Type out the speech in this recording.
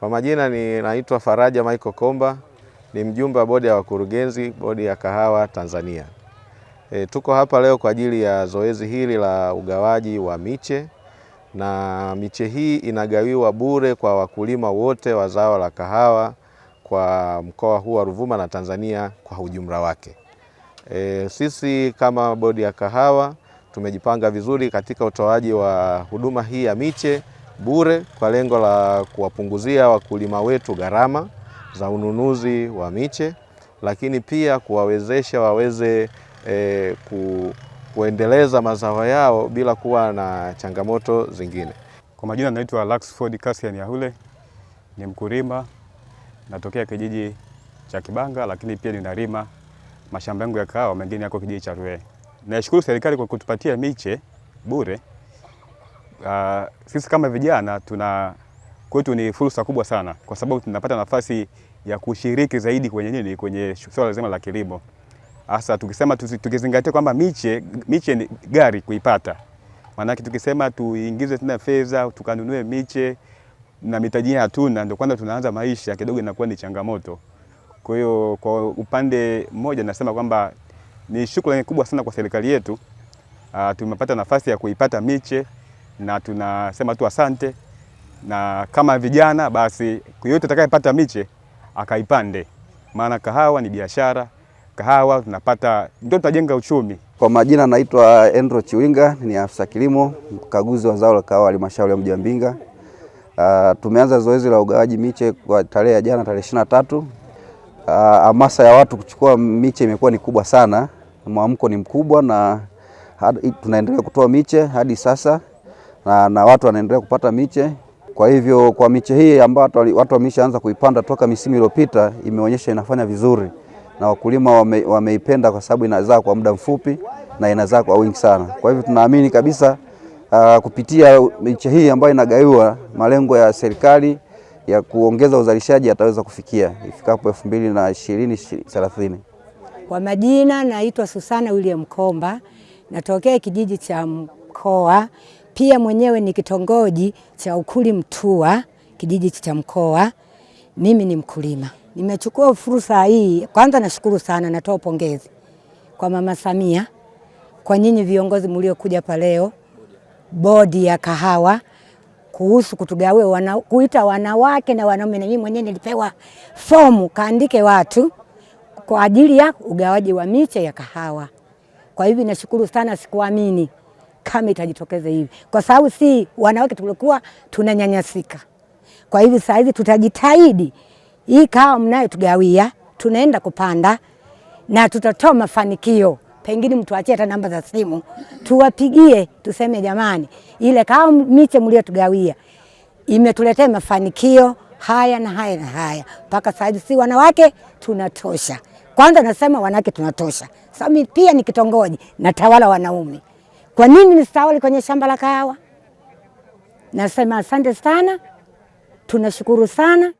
Kwa majina ni naitwa Faraja Michael Komba, ni mjumbe wa bodi ya wakurugenzi bodi ya kahawa Tanzania. E, tuko hapa leo kwa ajili ya zoezi hili la ugawaji wa miche na miche hii inagawiwa bure kwa wakulima wote wa zao la kahawa kwa mkoa huu wa Ruvuma na Tanzania kwa ujumla wake. E, sisi kama bodi ya kahawa tumejipanga vizuri katika utoaji wa huduma hii ya miche bure kwa lengo la kuwapunguzia wakulima wetu gharama za ununuzi wa miche, lakini pia kuwawezesha waweze e, ku, kuendeleza mazao yao bila kuwa na changamoto zingine. Kwa majina naitwa Laxford Cassian Yahule, ni mkulima natokea kijiji cha Kibanga, lakini pia ninalima mashamba yangu ya kahawa, mengine yako kijiji cha Ruee. Nashukuru serikali kwa kutupatia miche bure uh, sisi kama vijana tuna kwetu ni fursa kubwa sana, kwa sababu tunapata nafasi ya kushiriki zaidi kwenye nini, kwenye swala zima la kilimo, hasa tukisema tukizingatia kwamba miche, miche ni gari kuipata. Maanake tukisema tuingize tena fedha tukanunue miche na mitaji hatuna, ndio kwanza tunaanza maisha kidogo, inakuwa ni changamoto. Kwa hiyo kwa upande mmoja nasema kwamba ni shukrani kubwa sana kwa serikali yetu. Uh, tumepata nafasi ya kuipata miche na tunasema tu asante, na kama vijana basi yoyote atakayepata miche akaipande, maana kahawa ni biashara. Kahawa tunapata ndio tunajenga uchumi. Kwa majina naitwa Andrew Chiwinga, ni afisa kilimo mkaguzi wa zao la kahawa halmashauri ya mji wa Mbinga. Uh, tumeanza zoezi la ugawaji miche kwa tarehe ya jana tarehe ishirini na tatu. Ah, hamasa uh, ya watu kuchukua miche imekuwa ni kubwa sana, mwamko ni mkubwa na tunaendelea kutoa miche hadi sasa na, na watu wanaendelea kupata miche. Kwa hivyo kwa miche hii ambayo watu wameshaanza kuipanda toka misimu iliyopita imeonyesha inafanya vizuri na wakulima wame, wameipenda kwa sababu inazaa kwa muda mfupi na inazaa kwa wingi sana. Kwa hivyo tunaamini kabisa uh, kupitia miche hii ambayo inagaiwa, malengo ya serikali ya kuongeza uzalishaji yataweza kufikia ifikapo elfu mbili na ishirini thelathini. Kwa majina naitwa Susana William Komba, natokea kijiji cha Mkoa pia mwenyewe ni kitongoji cha Ukuli Mtua, kijiji cha Mkoa. Mimi ni mkulima, nimechukua fursa hii. Kwanza nashukuru sana, natoa pongezi kwa Mama Samia, kwa nyinyi viongozi mliokuja pa leo, bodi ya kahawa kuhusu kutugawe wana, kuita wanawake na wanaume. Na mimi mwenyewe nilipewa fomu kaandike watu kwa ajili ya ugawaji wa miche ya kahawa. Kwa hivyo nashukuru sana, sikuamini kama itajitokeza hivi, kwa sababu si wanawake tulikuwa tunanyanyasika. Kwa hivi saa hizi tutajitahidi, hii kahawa tugawia, tunaenda kupanda na tutatoa mafanikio. Pengine mtuachie hata namba za simu tuwapigie, tuseme jamani, ile kahawa miche mliotugawia imetuletea mafanikio haya na haya na haya, mpaka saa hizi si wanawake tunatosha. Kwanza nasema wanawake tunatosha, sababu pia ni kitongoji natawala wanaume. Kwa nini nistawali kwenye shamba la kahawa? Nasema asante sana, tunashukuru sana.